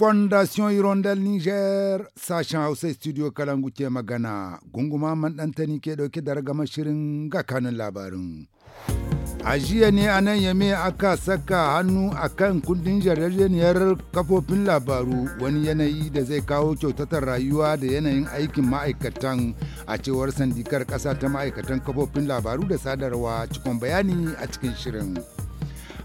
fondation hirondel niger sashen hausa studio kalangu ke magana gunguma man tani ke ɗauke da ragama shirin ga kanun labarin a jiya ne a nan yame aka saka hannu a kan kundin yarjejeniyar kafofin labaru wani yanayi da zai kawo kyautatar rayuwa da yanayin aikin ma'aikatan a cewar sandikar ƙasa ta ma'aikatan kafofin labaru da sadarwa cikon bayani a cikin shirin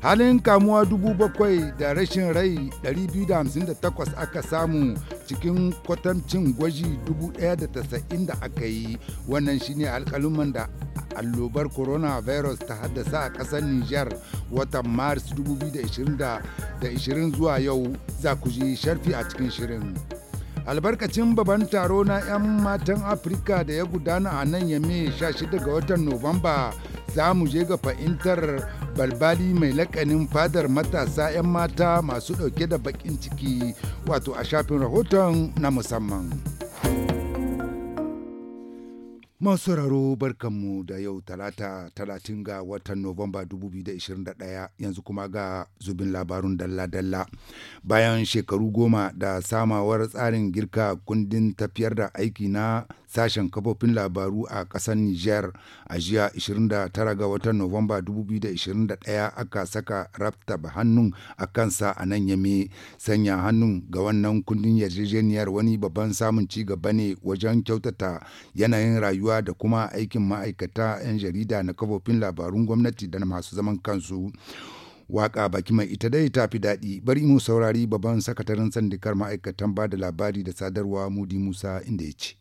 halin kamuwa dubu bakwai da rashin rai 258 aka samu cikin kwatancin gwaji 1,090 da aka yi wannan shine alkaluman da allobar coronavirus ta haddasa a ƙasar niger watan mars 2020 zuwa yau za ku ji sharfi a cikin shirin albarkacin babban taro na 'yan matan afirka da ya gudana a nan yame 16 ga watan nuwamba za mu je ga fahimtar balbali mai lakanin fadar matasa 'yan mata masu dauke da bakin ciki wato a shafin rahoton na musamman. raro barkanmu da yau talata talatin ga watan Nuwamba 2021 yanzu kuma ga zubin labarun dalla-dalla bayan shekaru goma da samawar tsarin girka kundin tafiyar da aiki na sashen kafofin labaru a ƙasar Nijar a jiya 29 ga watan Nuwamba 2021 aka saka raftab hannun a kansa a nan yame sanya hannun ga wannan kundin yarjejeniyar wani babban samun ci gaba ne wajen kyautata yanayin rayuwa da kuma aikin ma'aikata 'yan jarida na kafofin labarun gwamnati da masu zaman kansu. waka baki mai ita dai ta fi daɗi bari mu saurari babban sakatarin sandikar ma'aikatan ba da labari da sadarwa mudi musa inda ya ce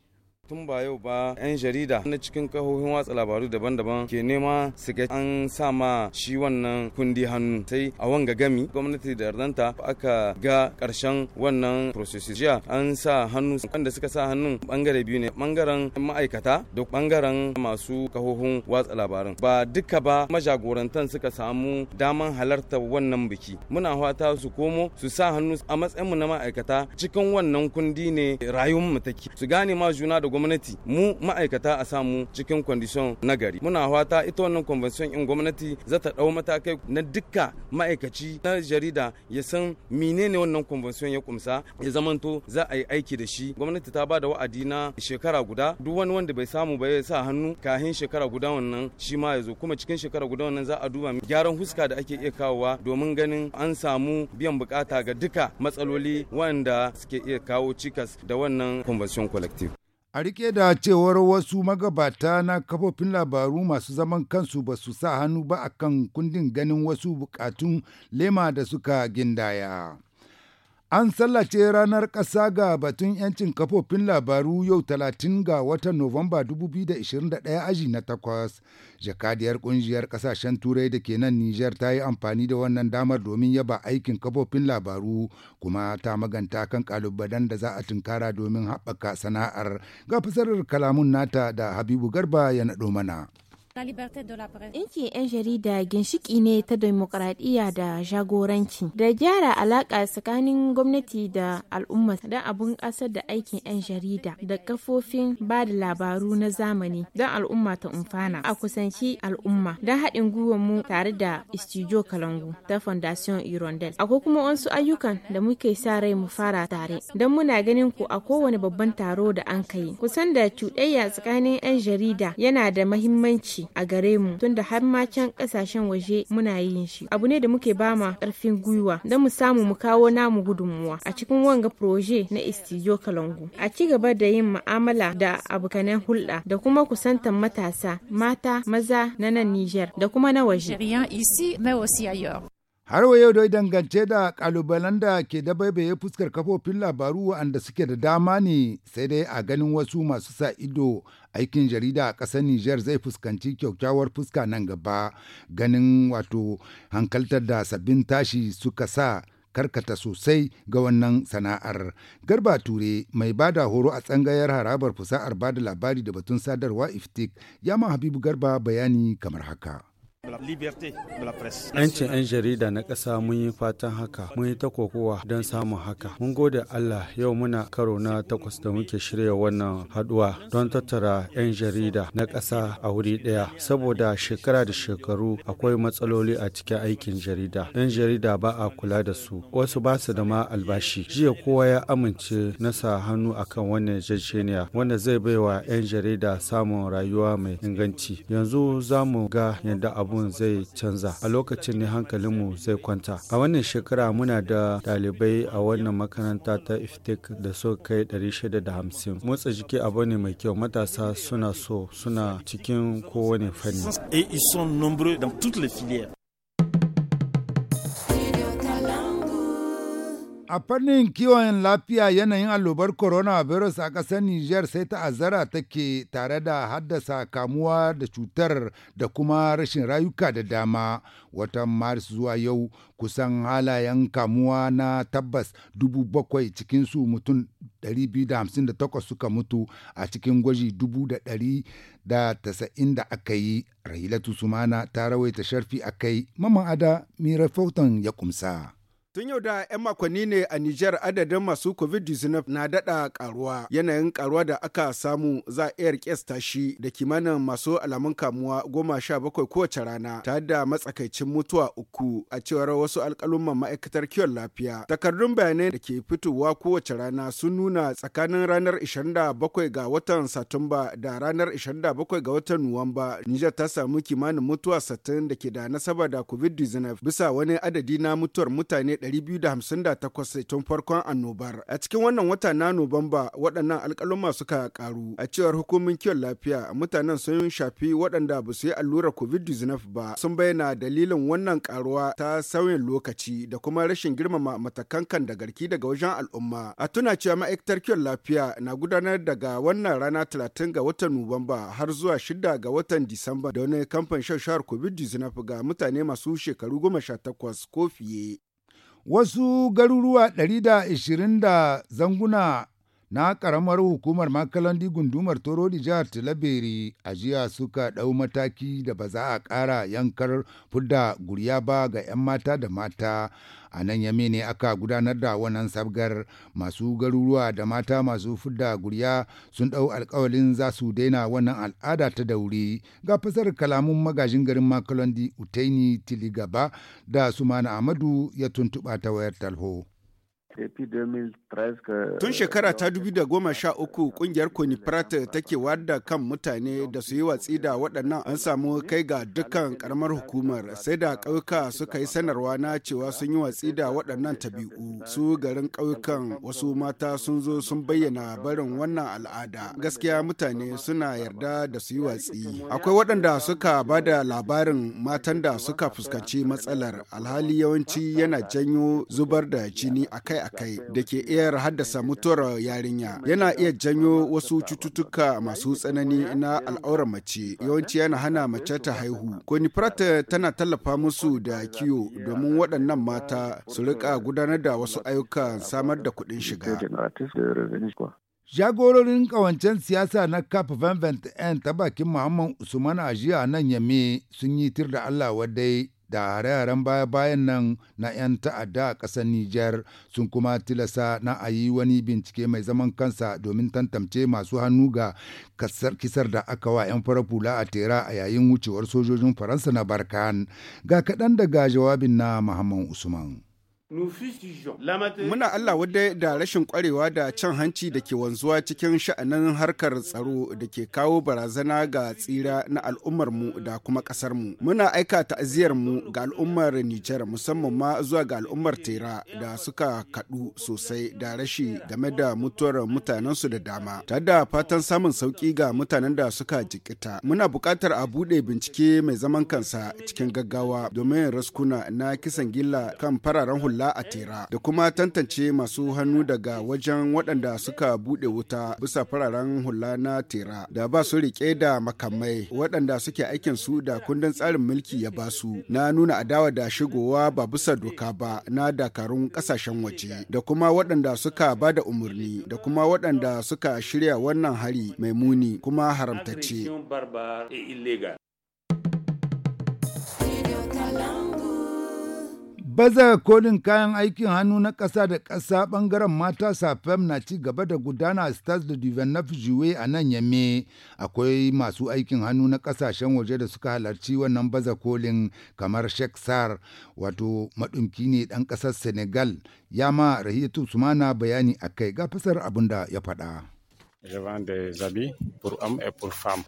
tun ba yau ba 'yan jarida na cikin kahohin watsa labaru daban-daban ke nema su ga an sa ma shi wannan kundi hannu sai a wanga gami gwamnati da ardanta aka ga karshen wannan processes an sa hannu wanda suka sa hannun bangare biyu ne bangaren ma'aikata da bangaren masu kahohin watsa labarin ba duka ba majagorantan suka samu daman halartar wannan biki muna fata su komo su sa hannu a matsayinmu na ma'aikata cikin wannan kundi ne rayuwar mu take su gane ma juna da gwamnati mu ma'aikata a samu cikin kwandishon na gari muna fata ita wannan convention in gwamnati za ta dau matakai na dukka ma'aikaci na jarida ya san menene wannan convention ya kumsa ya zamanto za a yi aiki da shi gwamnati ta ba da wa'adi na shekara guda duk wani wanda bai samu ba ya sa hannu kahin shekara guda wannan shi ma ya zo kuma cikin shekara guda wannan za a duba gyaran huska da ake iya kawowa domin ganin an samu biyan bukata ga duka matsaloli wanda suke iya kawo cikas da wannan convention collective A rike da cewar wasu magabata na kafofin labaru masu zaman kansu ba su sa hannu ba akan kundin ganin wasu bukatun lema da suka gindaya. An sallace ranar ƙasa ga batun 'yancin kafofin labaru yau 30 ga watan Nuwamba 2021 aji na takwas. Jakadiyar ƙungiyar ƙasashen Turai da ke nan Nijar ta yi amfani da wannan damar domin yaba aikin kafofin labaru kuma ta maganta kan ƙalubalen da za a tunkara domin haɓaka sana'ar ga fasarar kalamun nata da Habibu Garba ya naɗo mana. Inki 'yan jarida ginshiki ne ta demokuraɗiyya da jagoranci da gyara alaƙa tsakanin gwamnati da al'umma don abun bunƙasar da aikin 'yan jarida da kafofin ba da labaru na zamani don al'umma ta umfana a kusanci al'umma don haɗin gwiwar mu tare da Istijo Kalangu ta Fondation Irondel. Akwai kuma wasu ayyukan da muke sa rai mu fara tare don muna ganin ku a kowane babban taro da an kai. Kusan da cuɗayya tsakanin 'yan jarida yana da mahimmanci a gare mu tunda har ma can kasashen waje muna yin shi abu ne da muke bama karfin gwiwa don mu samu mu kawo namu gudunmuwa a cikin wanga proje na istijo kalangu a ci gaba da yin mu'amala da abokanen hulɗa da kuma kusantar matasa mata maza na nan Niger da kuma na waje. Har wa yau dai dangance da ƙalubalen da ke dabaibaye fuskar kafofin labaru waɗanda suke da dama ne sai dai a ganin wasu masu sa ido aikin jarida a ƙasar Nijar zai fuskanci kyaukyawar fuska nan gaba ganin wato hankaltar da sabbin tashi suka sa karkata sosai ga wannan sana'ar. Garba Ture mai bada horo a tsangayar harabar fusa'ar bada labari da batun sadarwa iftik ya ma Habibu Garba bayani kamar haka. 'Yancin 'yan jarida na ƙasa mun yi fatan haka, mun yi ta don samun haka. Mun gode Allah yau muna karo na takwas da muke shirya wannan haduwa don tattara 'yan jarida na ƙasa a wuri ɗaya. Saboda shekara da shekaru akwai matsaloli a cikin aikin jarida. 'Yan jarida ba a kula da su, wasu ba su da ma albashi. Jiya kowa ya amince na sa hannu akan wannan jajjeniya wanda zai baiwa 'yan jarida samun rayuwa mai inganci. Yanzu za mu ga yadda abu abun zai canza a lokacin ne hankalinmu zai kwanta a wannan shekara muna da dalibai a wannan makaranta ta iftik da so kai 650 motsa jiki abu ne mai kyau matasa suna so suna cikin kowane fanni A fannin kiwon lafiya yanayin allobar coronavirus a ƙasar Niger sai ta'azzara take tare da haddasa kamuwa da cutar da kuma rashin rayuka da dama. Watan Maris zuwa yau kusan halayen kamuwa na tabbas dubu bakwai su mutum 258 suka mutu a cikin gwaji dubu da da aka yi. Rahilatu Sumana ta rawaita sharfi a kai, Maman Ada, mai ya kumsa. Tun yau da 'yan makonni ne a Nijar adadin masu COVID-19 na dada karuwa Yanayin karuwa da aka samu za a iya shi da kimanin masu alamun kamuwa goma sha bakwai kowace rana, tare da matsakaicin mutuwa uku a cewar wasu alkalumman ma'aikatar kiwon lafiya. Takardun bayanai da ke fitowa kowace rana sun nuna tsakanin ranar 27 ga watan Satumba da ranar 27 ga watan Nuwamba. Nijar ta samu kimanin mutuwa 60 da ke da nasaba da COVID-19 bisa wani adadi na mutuwar mutane 258 tun farkon annobar. A cikin wannan wata na Nuwamba waɗannan alƙaluma suka ƙaru. A cewar hukumin kiwon lafiya mutanen sun shafi waɗanda ba su yi allurar COVID-19 ba sun bayyana dalilin wannan ƙaruwa ta sauyin lokaci da kuma rashin girmama matakan kan da garki daga wajen al'umma. A tuna cewa ma'aikatar kiwon lafiya na gudanar daga wannan rana 30 ga watan Nuwamba har zuwa 6 ga watan Disamba da wani kamfan shan shahar COVID-19 ga mutane masu shekaru 18 ko fiye. Wasu garuruwa 120 da zanguna na ƙaramar hukumar Makalandi gundumar Torodi jihar Tilaberi a jiya suka ɗau mataki da ba za a ƙara yankar fudda guriya ba ga 'yan mata da mata a nan yamini ne aka gudanar da wannan sabgar masu garuruwa da mata masu fidda gurya sun ɗau alkawalin za su daina wannan al'ada ta dauri ga fasar kalamun magajin garin makalondi utaini tiligaba da sumana amadu ya tuntuɓa ta wayar talho. Tun shekara ta uku kungiyar Koniprat take wada kan mutane da su yi watsi da waɗannan an samu kai ga dukkan karamar hukumar sai da ƙauyuka suka yi sanarwa na cewa sun yi watsi da waɗannan tabi'u su garin ƙauyukan wasu mata sun zo sun bayyana barin wannan al'ada gaskiya mutane suna yarda da su yi watsi akwai waɗanda suka ba da labarin matan da suka fuskanci matsalar alhali yawanci yana janyo zubar da jini akai a kai da ke iya haddasa mutuwar yarinya yana iya janyo wasu cututtuka masu tsanani na al'aurar mace yawanci yana hana mace ta haihu coniprat tana tallafa musu da kiyo domin waɗannan mata su rika gudanar da wasu ayyuka samar da kuɗin shiga Jagororin kawancen siyasa na CAP N ta bakin Muhammad Usman a nan Yame sun yi tir da Allah wadai da hare-haren baya-bayan nan na 'yan ta'adda a ƙasar Nijar sun kuma tilasa na a yi wani bincike mai zaman kansa domin tantance masu hannu ga kisar da aka wa 'yan farar kula a tera a yayin wucewar sojojin Faransa na Barkan. Ga kaɗan daga jawabin na Muhammad Usman. Muna Allah wadda da rashin kwarewa da can hanci da ke wanzuwa cikin sha'anin harkar tsaro da ke kawo barazana ga tsira na al'ummar mu da kuma mu. Muna aika ta'aziyarmu ga al'ummar Nijar musamman ma zuwa ga al'ummar Tera da suka kaɗu sosai da rashi game da mutuwar mutanensu da dama. Ta da fatan samun sauƙi ga mutanen da suka jikita. Muna buƙatar a buɗe bincike mai zaman kansa cikin gaggawa domin raskuna na kisan gilla kan fararen hula a tera da kuma tantance masu hannu daga wajen waɗanda suka buɗe wuta bisa fararen hula na tera da ba su riƙe da makamai waɗanda suke aikin su da kundin tsarin mulki ya ba su na nuna adawa da shigowa ba bisa doka ba na dakarun ƙasashen waje da kuma waɗanda suka ba da umarni da kuma waɗanda suka shirya wannan hari mai muni kuma haramtacce. Baza kolin kayan aikin hannu na ƙasa da ƙasa ɓangaren mata safem na ci gaba da gudana a Stars da Duvernaf Juwe a nan yamme. Akwai masu aikin hannu na ƙasashen waje da suka halarci wannan baza kolin kamar Sheikh wato maɗumki ne ɗan ƙasar Senegal. Ya ma Rahiyatu Sumana bayani a kai ga fasar abin da ya faɗa.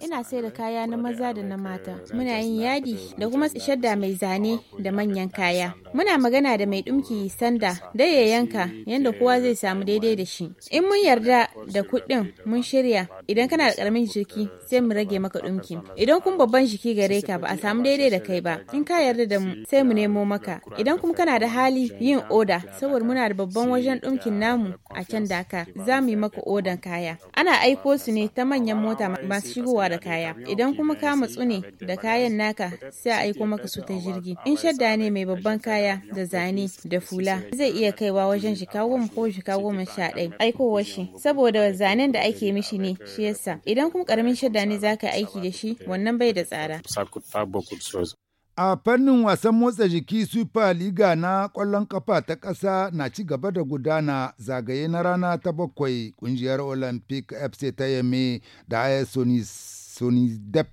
Ina sai da kaya na maza da na mata. Muna yin yadi da kuma da mai zane da manyan kaya. Muna magana da mai ɗumki sanda da ya yanka yadda kowa zai samu daidai da shi. In mun yarda da kuɗin mun shirya idan kana da karamin jiki sai mu rage maka ɗumki. Idan kun babban jiki gare ka ba a samu daidai da kai ba in ka yarda da mu sai mu nemo maka. Idan kuma kana da hali yin oda saboda muna da babban wajen ɗumkin namu a can daka za mu yi maka odan kaya. Ana aiko su ne ta manyan mota masu shigowa da kaya. Idan kuma ka matsu ne da kayan naka sai a aiko maka su ta jirgi. In shadda ne mai babban kaya waya da zane da fula zai iya kaiwa wajen shika goma ko shika goma sha ɗaya aikowar shi saboda zanen da ake mishi ne shi yasa idan kuma karamin shadda ne za ka aiki da shi wannan bai da tsara. A fannin wasan motsa jiki Super Liga na kwallon kafa ta ƙasa na ci gaba da gudana zagaye na rana ta bakwai ƙungiyar Olympic FC ta yame da AS Sonidep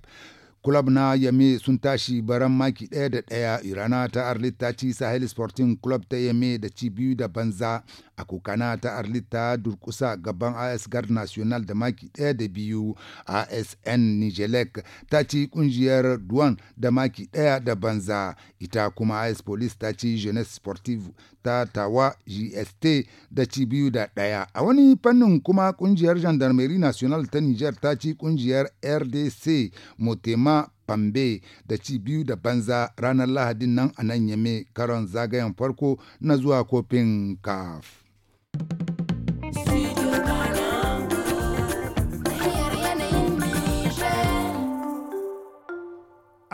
Club na Yame sun tashi baran maki ɗaya da ɗaya irana ta arlita ci Sahel Sporting Club ta Yame da ci biyu da banza a kokana ta arlita durkusa gaban AS Guard National da maki ɗaya da biyu ASN nigelec ta ci kungiyar duwan da maki ɗaya da banza ita kuma AS Police ta ci Jeunesse Sportive ta tawa gst da ci biyu da ɗaya a wani fannin kuma kungiyar gendarmerie national ta niger ta ci kungiyar rdc motema Pambe da ci biyu da banza ranar Lahadin nan a nan yame karon zagayen farko na zuwa kofin kaf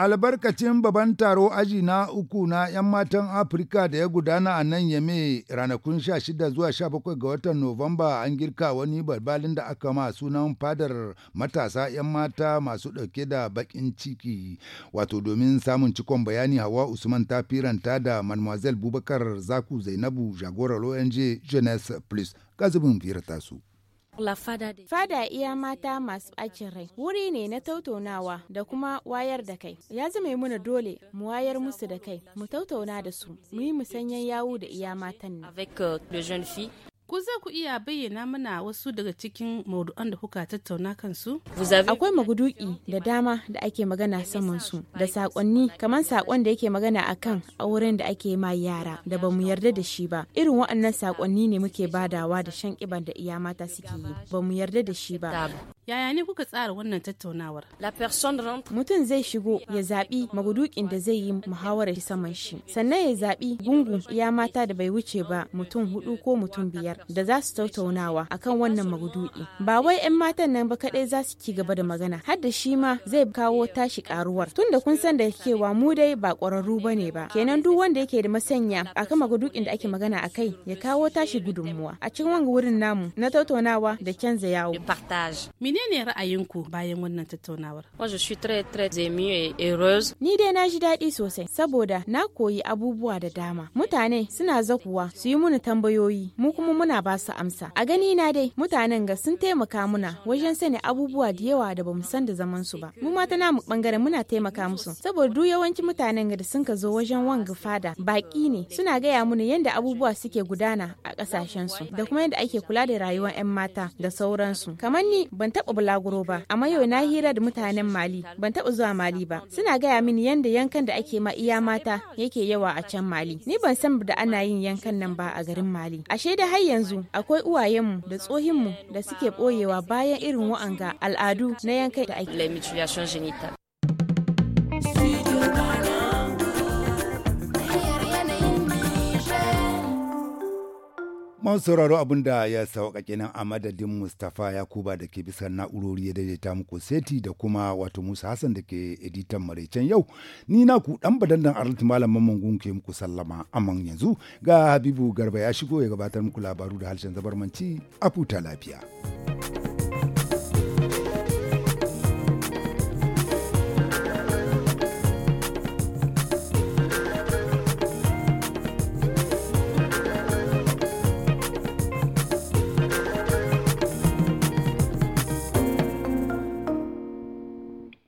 albarkacin babban taro aji na uku na 'yan matan afirka da ya gudana a nan yame ranakun 16 zuwa 17 ga watan novamba an girka wani balbalin da aka ma sunan fadar matasa 'yan mata masu ɗauke da bakin ciki wato domin samun cikon bayani hawa usman ta firanta da mademoiselle bubakar zaku zainabu jagorar ong jeunesse plus gazibin firta su Fada iya mata masu ɓacin rai wuri ne na tautaunawa da kuma wayar da kai. Ya zama muna dole mu wayar musu da kai, mu tautauna da su, mu yi musanyen yawu da iya matan nan. Euh, Ku za ku iya bayyana mana wasu daga cikin maudu'an da kuka tattauna kansu? Akwai magudu'i da dama da ake magana saman su da sakonni kamar sakon da yake magana akan auren da ake ma yara da ba mu yarda da shi ba. Irin waɗannan sakonni ne muke badawa da shan kiban da iya mata suke yi ba mu yarda da shi ba. Yaya ne kuka tsara wannan tattaunawar? Mutum zai shigo ya zaɓi magudukin da zai yi muhawarar saman shi sannan ya zaɓi gungun iya mata da bai wuce ba mutum hudu ko mutum biyar da za su tattaunawa akan wannan magudu'i ba wai 'yan matan nan ba kadai za su ci gaba da magana har da shi ma zai kawo tashi karuwar tunda kun san da kewa mu dai ba kwararru ba ne ba kenan duk wanda yake da masanya akan magudu'in da ake magana akai ya kawo tashi gudunmuwa a cikin wanga wurin namu na tattaunawa da canza yawo menene ra'ayinku bayan wannan tattaunawar ni dai na ji daɗi sosai saboda na koyi abubuwa da dama mutane suna zakuwa su yi muni tambayoyi mu kuma muna muna ba su amsa a gani na dai mutanen ga sun taimaka muna wajen sani abubuwa da yawa da bamu san da zaman su ba mu ma ta namu bangare muna taimaka musu saboda duk yawancin mutanen ga da sun ka zo wajen wanga fada baki ne suna gaya mana yadda abubuwa suke gudana a kasashen su da kuma yadda ake kula da rayuwar yan mata da sauransu kamar ni ban taba bulaguro ba amma yau na hira da mutanen mali ban taba zuwa mali ba suna gaya mini yadda yankan da ake ma iya mata yake yawa a can mali ni ban san da ana yin yankan nan ba a garin mali ashe da har yanzu akwai uwayenmu da tsohinmu da suke ɓoyewa bayan irin wa'anga al'adu na yankan da ake masu sauraro abin da ya sauka kenan a madadin Mustapha Yakuba da ke bisa na'urori ya daidaita muku seti da kuma wato Musa Hassan da ke editan maraicen yau. Ni na ku dan badandan Arlit Malam Mamman ke muku sallama amman yanzu ga Habibu Garba ya shigo ya gabatar muku labaru da harshen zabarmanci a futa lafiya.